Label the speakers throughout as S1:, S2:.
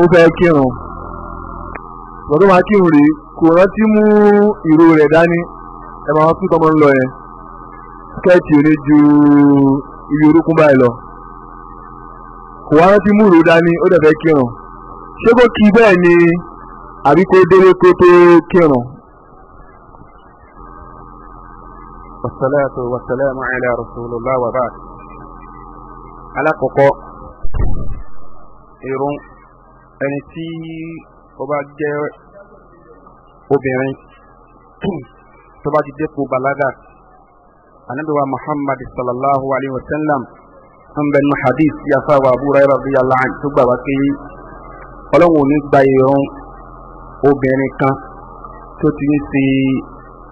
S1: ó fẹ́ kírun ṣùgbọ́n tó máa kírun rèé kò rántí mú ìró rẹ̀ dání ẹ máa fún tọmọ ń lọ yẹn skẹ́ẹ̀tì ò ju ibi orúkún báyìí lọ kò wá rántí mú ìró dání ó dẹ̀ fẹ́ kírun ṣé kí bẹ́ẹ̀ ni àbí kó délé kó tó kírun. ẹni tí ó bá jẹ́ obìnrin tó bá ti dépò balaga anabiwa muhammad sallallahu alayhi wa sallam ń bẹ nu hadith tí a fà wà abu rayra radiyallahu anhu tó gbà wá pé ọlọ́run ò ní gba ìrun obìnrin kan tó ti ń ṣe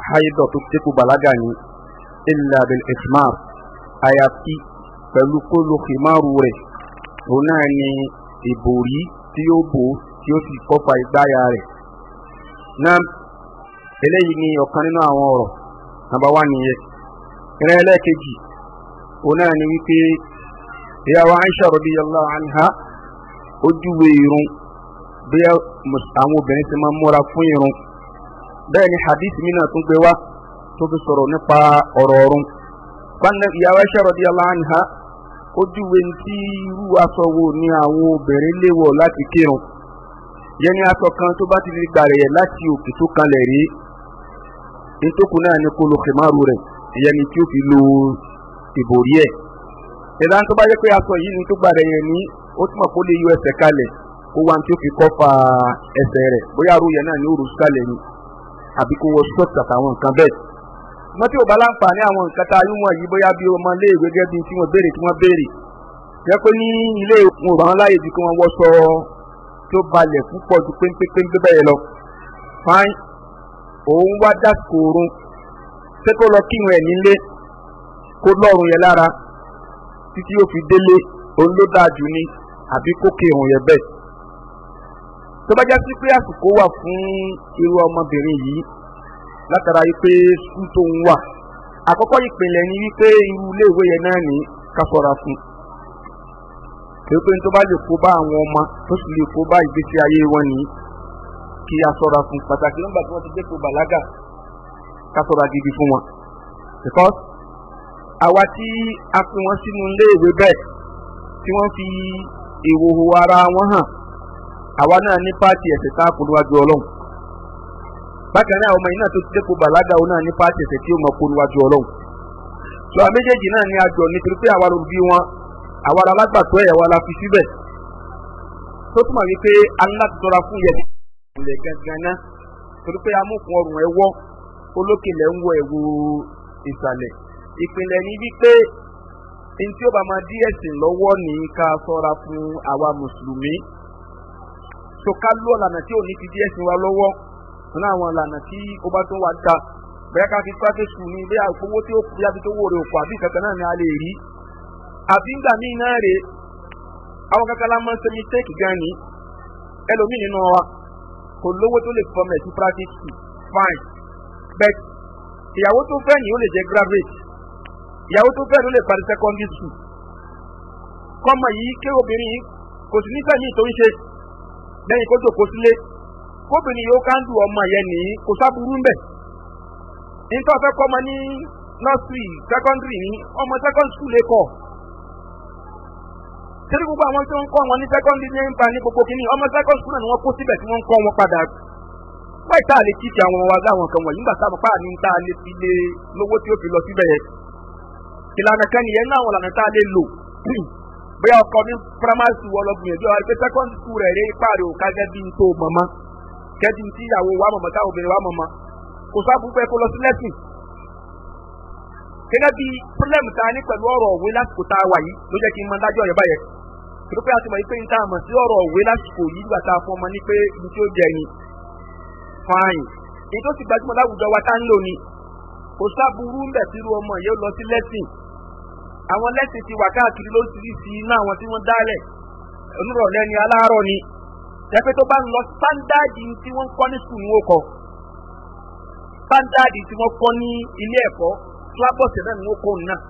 S1: haidọ̀ tó ti dépò balaga ni illa bil ismar àyàfi pẹ̀lú kó lo khimaru rẹ̀ òun náà ni ìbòrí. tí ó bò ó tí ó fi kọ́fà ìgbáyà rẹ̀. na eléyìí ni ọ̀kan nínú àwọn ọ̀rọ̀ nàbà wà nìyẹn. ìrìn ẹlẹ́ẹ̀kejì òun náà ni wípé ìyàwó Aisha radiyallahu anha ó júwe irun bí àwọn obìnrin ti máa múra fún irun bẹ́ẹ̀ ni hadith mi náà tún gbé wá tó fi sọ̀rọ̀ nípa ọ̀rọ̀ ọ̀run. ìyàwó Aisha radiyallahu anha ó júwe tí irú aṣọ wo ni àwọn obìnrin lè wọ̀ láti kírun yẹn ni aṣọ kan tó bá ti di gbàrẹ̀ yẹn láti òkè tó kanlẹ̀ rí nítòkù náà ni kolo kìmáàrú rẹ̀ ìyẹn ni tí ó fi lo ìbòrí ẹ̀ ìlànà tó bá yẹ pé aṣọ yìí ni tó gbàrẹ̀ yẹn ní ó túmọ̀ kó lè yọ ẹsẹ̀ kalẹ̀ kó wá tí ó fi kọ́fà ẹsẹ̀ rẹ̀ bóyá arú yẹn náà ni ó rò sálẹ̀ ni àbí kó wọ ṣọ́ọ̀tì àtàwọn nǹkan bẹ́ẹ̀ ṣùgbọ́n tí ò bá láǹfààní àwọn nǹkan tá a yún wọ̀nyí bóyá bí ọmọ ilé ìwé gẹ́gẹ́ bí tí wọ́n béèrè tí wọ́n béèrè jẹ́ pé ní ilé ìwọ̀n ọ̀bà wọn láàyè ju kí wọ́n wọṣọ tó balẹ̀ púpọ̀ ju péńpéńpé bẹ́ẹ̀ lọ. fáin òun wá dásìkò oorun pé kó lọ kírun ẹ̀ nílé kó lọ́rùn yẹn lára títí yóò fi délé òun ló dáa jù ni àbí kó kírun yẹn bẹ́ẹ̀. tó bá já sí pé àsìkò wà fún irú ọmọbìnrin yìí látara ipe pé sùkúù tó ń wà àkọ́kọ́ ìpìlẹ̀ ni wípé irú iléèwé yẹn náà ní ká ṣọ́ra fún kìí pé tó bá lè kó bá àwọn ọmọ tó sì lè kó bá ìgbésí ayé wọn kí a ṣọ́ra fún pàtàkì nígbà tí wọ́n ti dẹ́kun bàlágà gidi fún wọn because àwa tí a fi wọn sínú iléèwé bẹ́ẹ̀ tí wọ́n fi ìhòòhò ara wọn hàn àwa náà ní pààtì ẹ̀sẹ̀ bákan náà ọmọ yìí náà tó ti dẹ́kun bàlágà òun náà ní pàṣẹ ẹ̀sẹ̀ tí ó mọ̀ kónú wájú ọlọ́run tó a méjèèjì náà ní àjọ nítorí pé àwa ló bí wọn àwa la lágbàtọ́ ẹ̀ àwa la fi síbẹ̀ tó túmọ̀ wípé alátọ́ra fún yẹn ilẹ̀ gangan náà torí pé amókun ọrùn ẹ wọ́ olókèlẹ̀ ń wọ ẹ̀wò ìsàlẹ̀ ìpìlẹ̀ ní wípé ní tí ó bá máa dí ẹ̀sìn lọ́wọ́ ní ká sọ́ra fún àwa mùsùlùmí so ká lọ́ọ̀lànà tí ò ní ti dí ẹ̀sìn wa lọ́wọ́ nínú àwọn ìlànà tí ó bá tún wá ta bẹ́ẹ̀ ká fi private school ní ilé àgbowó tí ó fi àbí tó wò rè òkò àbí kankan náà ni a lè rí àbí ńgbà míì náà rè àwọn kankan lámọ́ ṣe mistake gan ni ẹlòmíì nínú wa kò lówó tó lè fọmọ ẹ̀ sí private fine but ìyàwó tó fẹ́ ni ó lè jẹ́ graduate ìyàwó tó fẹ́ ló lè parí secondary school kọ́mọ yìí ké kò sí nífẹ̀ẹ́ yìí tó ń ṣe lẹ́yìn kó jòkó sílé kóbìnrin yóò ká ń du ọmọ yẹn ní kò sábúrú ń bẹ̀. nítorí ọ̀fẹ́ kọ́ ọmọ ní nọ́ọ̀sì sẹ́kọ́ndìrì ní ọmọ sẹ́kọ́ndì skul lè kọ́. torí gbogbo àwọn tí wọ́n kọ́ wọn ní sẹ́kọ́ndì ní nípa ní gbogbo kìíní ọmọ sẹ́kọ́ndì skul náà ni wọ́n kó síbẹ̀ tí wọ́n ń kọ́ wọn padà. wáyé tá a lè kíkì àwọn wa láwọn kan wọ̀nyí nígbà táwọn pa ní tá a lè fi lé lówó tí ó fi lọ síbẹ̀ yẹn. ìlànà kan nìyẹn ní àwọn ìlànà tá a lè lò bóyá ọkọ ní primary school wọlọ́gbìn ẹ̀jọ́ àti secondary school rẹ̀ rí ipá kájẹ́ bí n tó mọ̀mọ́. kẹ́dí ìyàwó wa mọ̀mọ́ táwọn obìnrin wa mọ̀mọ́ kò sábà fẹ́ kó lọ sí lẹ́sìn. gẹ́gẹ́ bí pírọ́lẹ́mù ta ní pẹ̀lú ọ̀rọ̀ òwe lásìkò tá a wà yìí ló jẹ́ kí n máa dájọ́ rẹ̀ báyẹn. torí pé a ti mọ̀ pé n tá a mọ̀ sí ọ̀rọ̀ òwe lásìkò yìí gbà tá a fọ́ ọmọ ní pé ibi tí ó jẹ ni fine. èyí tó sì gbajúmọ̀ láwùjọ wa tá ń lò ni kò jẹ́pẹ́ tó bá ń lọ sándáàdì tí wọ́n ń kọ́ ní sùn ó kọ́ sándáàdì tí wọ́n kọ́ ní ilé ẹ̀kọ́ sílábọ̀sì náà ni wọ́n kọ́ náà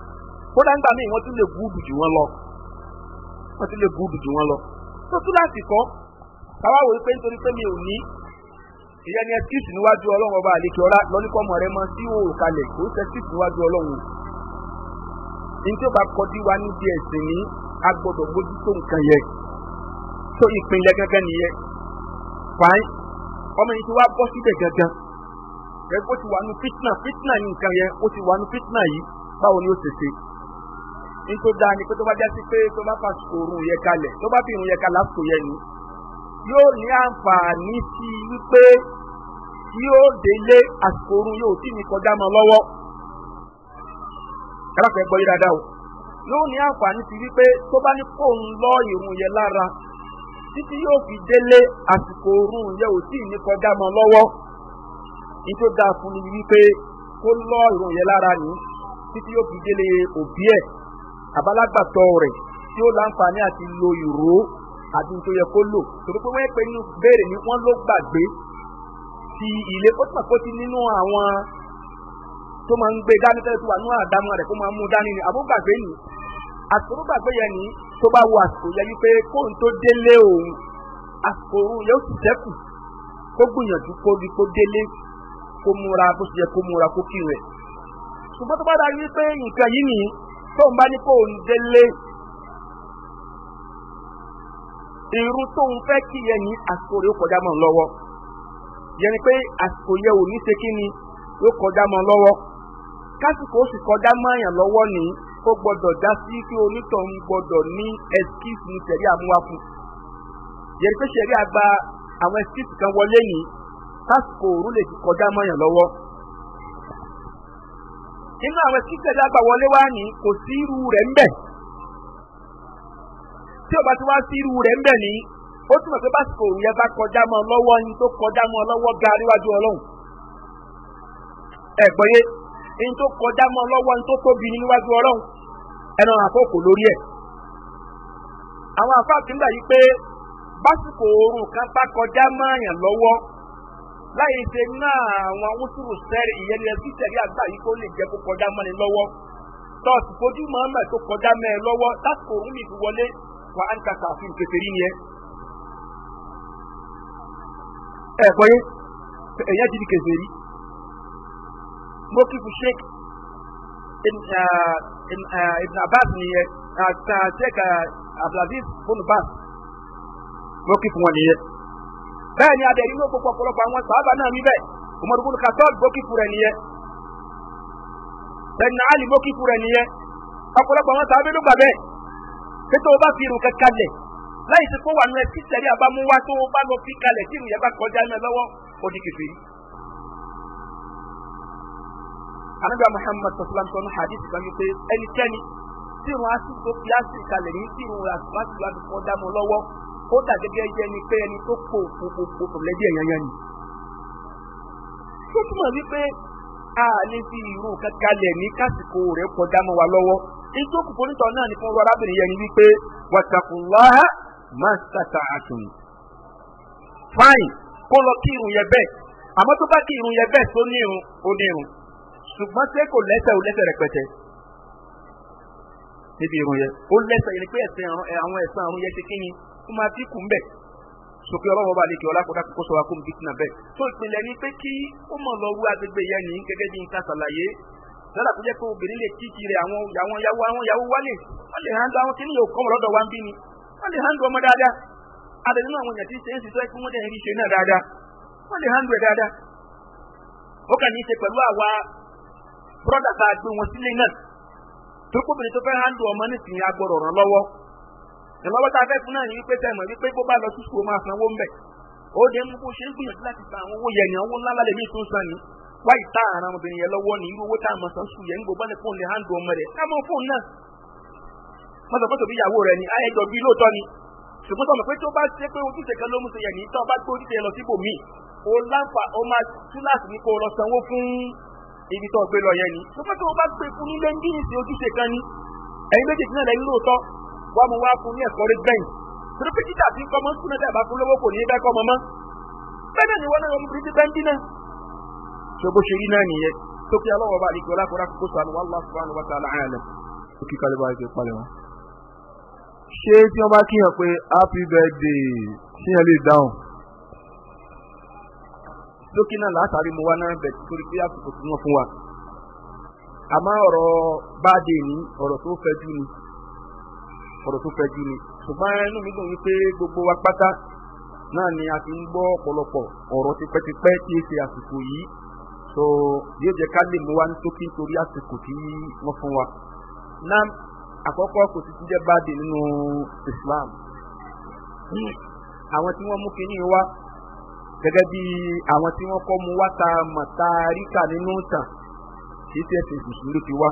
S1: kódà ń gbà míì wọ́n tún lè gúùbù jù wọ́n lọ wọ́n tún lè gúùbù jù wọ́n lọ tó tún láti kọ́ káwá wòye pé nítorí pé mi ò ní ìyẹn ni ẹtíìsì níwájú ọlọ́run ọba àlejò ọlá lọ́níkọ́mọ rẹ mọ sí òòrùn kalẹ̀ kò ń sẹ́tíìsì níwájú ọlọ́run ní tí ó bá kọjú wa níbi ẹ̀sìn ní agbọ́dọ̀ mójútó nǹkan yẹn tó ìpínlẹ̀ gangan nìyẹn fain ọmọ yìí ti wá bọ́ síbẹ̀ gangan ẹgbẹ́ ti wà nù fitna fitna yìí nǹkan yẹn ó ti wà nù fitna yìí báwo ni ó ṣe ṣe nítorí dáa ni pé tó bá jásí pé tó bá fa òrùn yẹn kalẹ̀ tó bá fi òrùn yẹn kalẹ̀ àsìkò yẹn ni yóò ní àǹfààní sí i wípé yóò délé àsìkò òrùn yóò tí ní kọjá mọ́ lọ́wọ́ kálákọ̀ọ́ ẹ gbọ́ yí dáadáa o yóò ní àǹfààní sí i wípé tó bá ní kóun lọ ìrùn yẹn lára títí yóò fi délé àsìkò oorun yẹ ò tí ì ní kọjá mọ́ lọ́wọ́ ní tó dáa fún mi wípé kó lọ ìrùn yẹn lára ní títí yóò fi délé òbí ẹ̀ àbálágbàtọ́ rẹ̀ tí ó láǹfààní àti lo ìró àti tó yẹ kó lò torí pé wọ́n pè ní béèrè ni wọ́n ló gbàgbé ti ilé ó tàn kó ti nínú àwọn tó máa ń gbé dání tẹ́lẹ̀ tó wà ní àdámọ́ rẹ̀ kó máa mú dání ni àbúgbàgbé ni àsìkò gbàgbé yẹn ni tó bá wo àsìkò yẹn wípé kóun tó délé òun àsìkò òun yóò sì sẹ́kù kó gbìyànjú kó kó délé kó múra bó ṣe yẹ kó múra kó kí rẹ̀ ṣùgbọ́n tó bá dáa nǹkan yìí nìyí tóun bá ní kóun délé irú tóun fẹ́ kí yẹn ní àsìkò rẹ̀ ó lọ́wọ́ yẹn ni pé àsìkò yẹn ni yóò kọjá ó gbọ́dọ̀ já sí pé onítọ̀hún gbọ́dọ̀ ní excuse ní sẹ̀rí àmúwá fún yẹn pé sẹ̀rí àgbà àwọn excuse kan wọlé yìí tásìkò òru lè ti kọjá mọ́yàn lọ́wọ́ nínú àwọn excuse sẹ̀rí àgbà wọlé wá ní kò sí irú rẹ̀ ń bẹ̀ tí o bá wá sí irú rẹ̀ ń bẹ̀ ní ó túmọ̀ pé básìkò òru yẹn bá kọjá mọ́ lọ́wọ́ yín tó kọjá mọ́ lọ́wọ́ ga níwájú ọlọ́run ẹ̀gbọ́n yé. ẹni tó kọjá mọ lọ́wọ́ ẹni tó tóbi ní níwájú ọlọ́run ẹnu àkókò lórí ẹ̀. àwọn àfáàtì ńlá pé básìkò oorun kan bá kọjá máàyàn lọ́wọ́ láyé ṣe náà àwọn wúsùrù sẹ́rì ìyẹn lẹ sí tẹ̀lé àgbà yìí kó lè jẹ́ kó kọjá lọ́wọ́ fojú mọ́ọ́mọ́ wọlé wà á ń ta sàfihàn kékeré mo kí in sheik uh, uh, ibn abbas nìyẹn àti uh, sheik abdulaziz bonu bas mo kí fún wọn nìyẹn bẹ́ẹ̀ ni adẹ̀rí ní gbogbo ọ̀pọ̀lọpọ̀ àwọn sàábà náà níbẹ̀ umar bin khattab bókìfù rẹ̀ nìyẹn bẹ́ẹ̀ni ali bókìfù rẹ̀ nìyẹn ọ̀pọ̀lọpọ̀ àwọn sàábà ló gbà bẹ́ẹ̀ tètè o bá fi irun kankan lẹ̀ láì sí kó wà nù ẹ títẹ̀rí àbámúwá tó o bá lọ fi kalẹ̀ tí ìrìn bá kọjá ní lọ́wọ́ ó di kẹfẹ́ yìí. anabi muhammad sallam sọ ní hadith kan wípé ẹnikẹ́ni tí irun asìkò fi asìkò alẹ̀ ní tí irun asìkò àti kan dá mọ́ lọ́wọ́ ó dà gẹ́gẹ́ yẹ ni pé ẹni tó kó òfòfòfò lẹ́bí ẹ̀yàn yẹn ni. tó túmọ̀ wípé a lè fi irun kankan lẹ̀ ní kásìkò rẹ̀ kọjá mọ́ wa lọ́wọ́ ìjókòó ponítọ̀ náà ni fún arábìnrin yẹn ni wípé wàtàkùnláhà máa ṣàtà àtùn. fáìn kó lọ kí irun yẹn bẹ́ẹ̀ àmọ́ tó bá kí irun yẹn bẹ́ẹ̀ tó ní irun ó ní irun. ṣùgbọ́n ṣé kò lẹ́sẹ̀ ò lẹ́sẹ̀ rẹpẹtẹ níbi irun yẹn ó lẹ́sẹ̀ yẹn pé ẹ̀sìn àwọn ẹ̀sìn àrùn yẹn ṣe kí ni kó máa dín kù ń bẹ̀ sókè ọlọ́wọ́ bá lè kí ọlá kọ́dá kó sọ wa kó ń bìtìnà bẹ́ẹ̀ tó ìpìlẹ̀ ni pé kí ó mọ̀ lọ wú agbègbè yẹn ní gẹ́gẹ́ bí nǹkan ṣàlàyé lọ́dà tó jẹ́ pé obìnrin lè àwọn àwọn wálé wọ́n lè àwọn ọmọ dáadáa nínú àwọn brọ́dà tá a gbé wọn sílé náà turukubiri tó fẹ́ handle ọmọ nísìnyí agbọrọ ràn lọ́wọ́ ìrànlọ́wọ́ tá a fẹ́ fún náà ní wípé tẹ̀mọ̀ wípé bó bá lọ sí sùkúl máa sanwó ń bẹ̀ ó dé mú bó ṣe ń gbìyànjú láti san àwọn owó yẹn owó ńlá mi tó ń san ni wáyé tá àrà ọmọbìnrin yẹn lọ́wọ́ ni irú owó tá a mọ̀ san sùn yẹn ń gbọ́ bọ́lẹ̀ fóònù lè ọmọ rẹ̀ ká náà bí ìyàwó rẹ̀ ni ayẹyẹ bí lóòótọ́ ni ṣùgbọ́n tó mọ̀ pé tó bá ṣe pé ojúṣe kan ló mú ṣe yẹn ní tó bá gbé ojúṣe lọ lọ sanwó fún ibi tó gbé lọ yẹn ni ṣùgbọ́n tí wọ́n bá gbé fún nílé ní ìsìn ojúṣe kan ni ẹ̀yin méjèèjì náà lẹ́yìn lóòótọ́ wọ́n mú wá fún ní ẹ̀kọ́ rẹ gbẹ̀yìn torí pé títà fi ń kọ́mọ́ sínú ẹ̀dá ìbá fún lówó kò ní í kọ́ mọ́mọ́ bẹ́ẹ̀ ni wọ́n náà mú ṣé tí wọ́n bá kíyàn pé happy birthday ṣíyàn lè dáhùn dókínà látàrí mo wá náà bẹ̀ torí pé àsìkò tí wọ́n fún wa. àmọ́ ọ̀rọ̀ báàdé ní ọ̀rọ̀ tó fẹ́ jú ni ọ̀rọ̀ tó fẹ́ jú ni ṣùgbọ́n inú mi dùn wípé gbogbo wa pátá náà ni a ti ń gbọ́ ọ̀pọ̀lọpọ̀ ọ̀rọ̀ tipẹ́tipẹ́ tí ṣe àsìkò yìí so yóò jẹ́ ká lè mú wa nítorí nítorí àsìkò tí wọ́n fún wa. náà àkọ́kọ́ kò sí ti jẹ́ báàdé nínú islam àwọn tí wọ́n mú kinní wa gẹ́gẹ́ bí àwọn tí wọ́n kọ́ mu wá ta mọ̀tàríkà nínú tàn kì í ṣe ẹ̀sìn ìsùn ló ti wá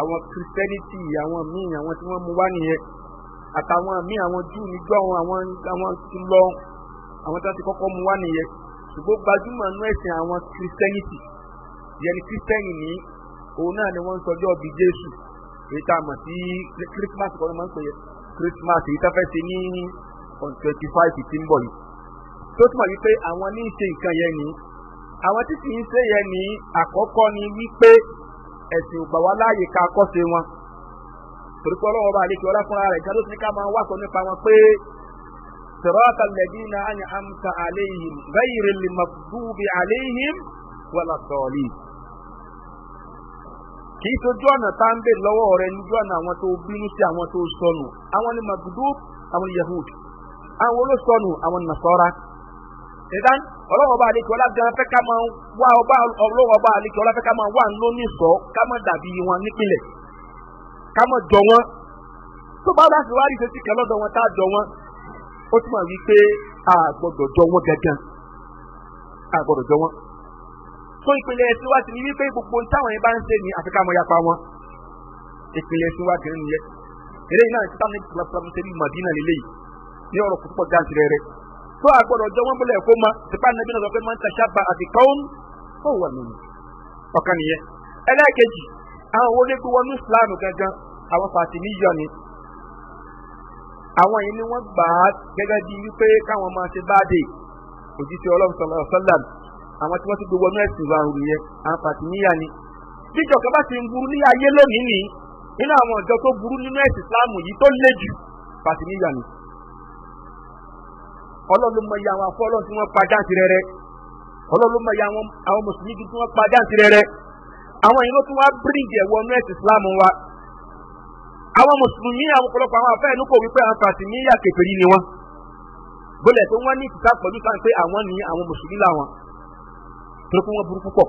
S1: àwọn kìrìsìtẹ́nìtì àwọn míì àwọn tí wọ́n mu wá nìyẹn àtàwọn míì àwọn júù níjọ́ àwọn àwọn àwọn ti lọ àwọn tí wọ́n ti kọ́kọ́ mu wá nìyẹn ṣùgbọ́n gbajúmọ̀ nú ẹ̀sìn àwọn kìrìsìtẹ́nìtì yẹni kìrìsìtẹ́nì ní òun náà ni wọ́n ń sọjọ́ bíi jésù èyí tá a mọ̀ sí kírísímàsì kọ́ máa ń pè é kírísímàsì èyí tá a fẹ́ ṣe ní on twenty five ti ń bọ̀ yìí. tó túmọ̀ wípé àwọn ní í ṣe nǹkan yẹn ni àwọn tí kì í ṣe yẹn ni àkọ́kọ́ ni wípé ẹ̀sìn ògbà wa láàyè ká kọ́sẹ̀ wọn torípé ọlọ́wọ́ bá àlejò ọlọ́fúnra rẹ̀ ìjà tó ká máa wá nípa wọn pé sọ̀rọ̀ta lẹ́dínà àni àmta àléhìm bẹ́yìrì lè mọ̀búbi kì í sojú ọ̀nà tá ń bè lọ́wọ́ rẹ̀ níjú ọ̀nà àwọn tó bínú sí àwọn tó sọnù àwọn ni àwọn yahud àwọn olóṣọnù àwọn ṣètàn ọlọ́wọ́ bá àlejò ọlá gan fẹ́ ká máa wá ọba ọlọ́wọ́ bá àlejò ọlá fẹ́ ká máa wà lónìí sọ ká má dàbí wọn nípìnlẹ̀ ká má jọ wọn tó bá láti wá rí ṣe sí kẹlọ́dọ̀ wọn tá a jọ wọn ó ti máa wí pé a gbọ́dọ̀ jọ wọn gangan a gbọ́dọ̀ jọ wọn. tó ìpìlẹ̀ ẹ̀sìn wa ti ní wípé gbogbo táwọn yẹn bá ń ṣe ní àfikà mọ́ yapa wọn ìpìlẹ̀ ẹ̀sìn wa gẹ̀rẹ́ nìyẹn eléyìí náà tó àgbọ̀dọ̀ jọ wọ́n bọ̀lẹ̀ kó ma tipa nàbí náà sọ pé máa ń tàṣà bá àti kọ́ọ́n ó wà nínú ọ̀kan nìyẹn. ẹlẹ́ẹ̀kejì àwọn owó lẹ́kọ̀ọ́ wọnú Islam gangan àwọn Fàtímí yọ ni àwọn yìí ni wọ́n gbà á gẹ́gẹ́ bí wípé káwọn máa ṣe báàdì òjíṣẹ́ Ọlọ́run sallallahu alaihi wasallam àwọn tí wọ́n ti gbowó náà sì wà òrùn yẹn àwọn Fàtímí yà ni. bíjọ kan bá ti ń burú ní ayé lónìí nìyí nínú àwọn ọ̀dọ́ tó burú nínú ẹ̀sìn Islam yìí tó le jù yà ni ọlọ́run ló mọ iye àwọn afọ́ ọlọ́run tí wọ́n pa jáǹtì rẹ̀ rẹ̀ ọlọ́run ló mọ iye àwọn mùsùlùmí tí wọ́n pa jáǹtì rẹ̀ rẹ̀ àwọn èèyàn tó wá bíríìjì ẹ̀wọ̀ nú ẹ̀sìn islam wa àwọn mùsùlùmí àwọn ọ̀pọ̀lọpọ̀ àwọn afẹ́ ẹnu kò wípé àwọn fàtìmíyà kẹfẹ́rí ni wọn gbọ́dọ̀ pé wọ́n ní ìtìta pẹ̀lú sáà pé àwọn ní àwọn mùsùlùmí làwọn torí pé wọ́n burú púpọ̀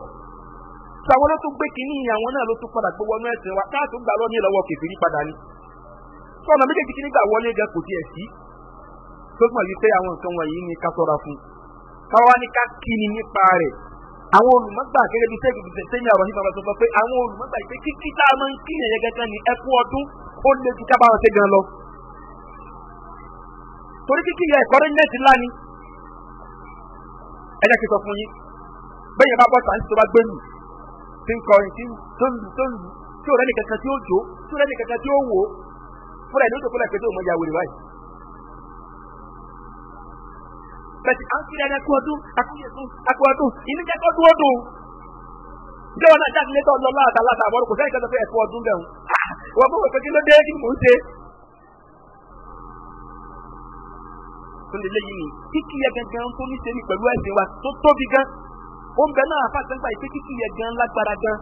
S1: sàwọn ló tún gbé kínní àwọn náà ló tún padà gbé wọnú ẹ̀sìn wa káàtó gbà lọ́ọ́ ní ìlọ́wọ́ kẹfẹ́rí padà ni sọ̀nà méjèèjì kí nígbà wọlé gan kò tiẹ̀ sí tó mọ̀ wípé àwọn nǹkan wọ̀nyí ni ká sọ̀rọ̀ fún káwa ní ká kí ni nípa rẹ̀ àwọn olùmọ̀gbà gẹ́gẹ́ bí sẹ́yìn gbèsè sẹ́yìn àrọ̀ nípa ọ̀sán sọ pé àwọn olùmọ̀gbà yìí pé kíkí tá a máa ń kí yẹn gẹ́gẹ́ ni ẹkú ọdún ó lé ju kábàárọ̀ sí gan lọ. torí kíkí yẹn ẹ̀kọ́ rẹ́ńdẹ̀tì ńlá ni ẹ jẹ́ kí n sọ fún yín bẹ́ẹ̀ bá bọ́ sàǹtì tó bá gbẹ́lù tí ń kankan tí ó jó tí ò kankan tí ó wò fúnra ẹ̀ ló dòkó lẹ́ẹ̀kẹ́ tó mọ ìyàwó rẹ̀ báyìí. bẹ̀tì à ń kiri ẹni ẹkú ọdún ẹkú yẹsùn ẹkú ọdún ìní jẹ́ kọ́dún ọdún. Ǹjẹ́ wọn náà jáde létọ́ lọ láàtà láàtà àbọ̀rọ̀ kò sẹ́yìn kẹ́tọ́ fẹ́ ẹ̀kú ọdún bẹ̀rù. Wọ́n mọ̀ pé kí ló dé kí mò ń ṣe. Tóní léyìn ni kíkì yẹ gangan tó ní ṣe ní pẹ̀lú ẹ̀sìn wa tó tóbi gan. Ó ń bẹ náà àfa àtẹ́ńpà yìí pé kíkì yẹ gan lágbára gan.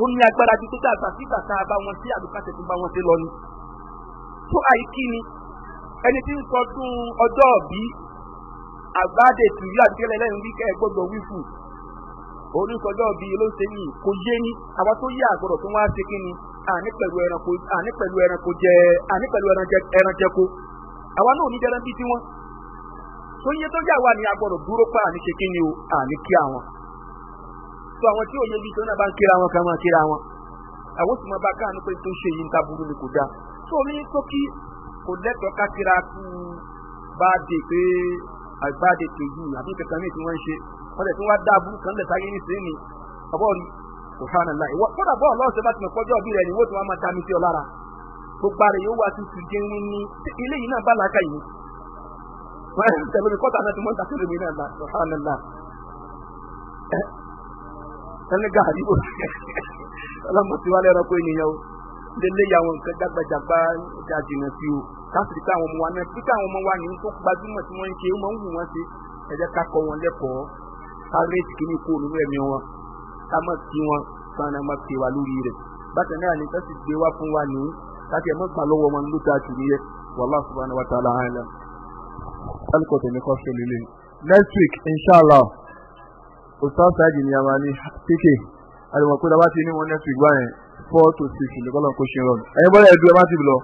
S1: Ó ní agbára ju pété àgbà sí bàtà bá wọn sí àdùkásẹ̀ tó bá wọn sí lọ ni. Tó àyíkí ni ẹni tí ń sọdún ọjọ́ ọ̀bí àgbáde tìlú àdìgẹ́lẹ̀ lẹ́yìn wíkẹ́ ẹ gbọ́dọ̀ wífù orúkọjọ́ bí ló ṣe yìí kò yé awa àwa tó yé àgbọ̀dọ̀ tó wá ṣe kí ni àní pẹ̀lú ẹranko jẹ àní pẹ̀lú ẹranjẹko àwa náà ò ní jẹran bíi tó tó yà wá ní agbọ̀dọ̀ dúró pa àní ṣe kí ni o àní kí àwọn tó àwọn tí òye bíi tó náà bá ń kíra wọn ká kíra wọn àwọn bá pé tó ṣe yìí ń ta burú ni àgbáde kejì àbí kankan ní tí wọ́n ń ṣe wọ́n lè tún wá dá abúrú kan lè sáyé ní sèé ni ọbọ̀ọ̀lù kò fara náà ìwọ kódà bọ́ọ̀lù ọ̀sẹ̀ bá ti mọ̀ pọ́jọ́ bí rẹ̀ ni wọ́n ti wá máa dami sí ọ lára gbogbo ara yóò wá sí tùjẹ́ ní ilé yìí náà bá làákà yìí wọ́n tẹ̀lé mi kọ́tà náà ti ń náà kò ẹni gàrí ọlọ́mọ káfíìrì káwọn ọmọ wa náà tí káwọn ọmọ wa nìyí tó gbajúmọ̀ tí wọ́n ń ṣe ó ń wù wọ́n ṣe ẹ jẹ́ ká kọ́ wọn lẹ́kọ̀ọ́ ká réètì kí ní kó nínú ẹ̀mí wọn ká mọ̀ sí wọn ká náà má pè wá lórí rẹ̀ bákan náà ni tẹ́sí gbé wá fún wa nìyí káfí ẹ̀ mọ́ gbà lọ́wọ́ wọn ló dáa jù níyẹn wallahu subhanahu wa next week ní pk àdìmọ̀kúndà bá ti ní wọn next week báyẹn four to six ní kọ́lọ̀ kó ṣe rọrùn ẹ̀yin bọ́lá ẹ̀dùn ẹ̀ má ti bì lọ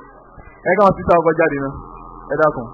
S1: ẹ káwọn títà ọkọ̀ jáde náà ẹ dákun.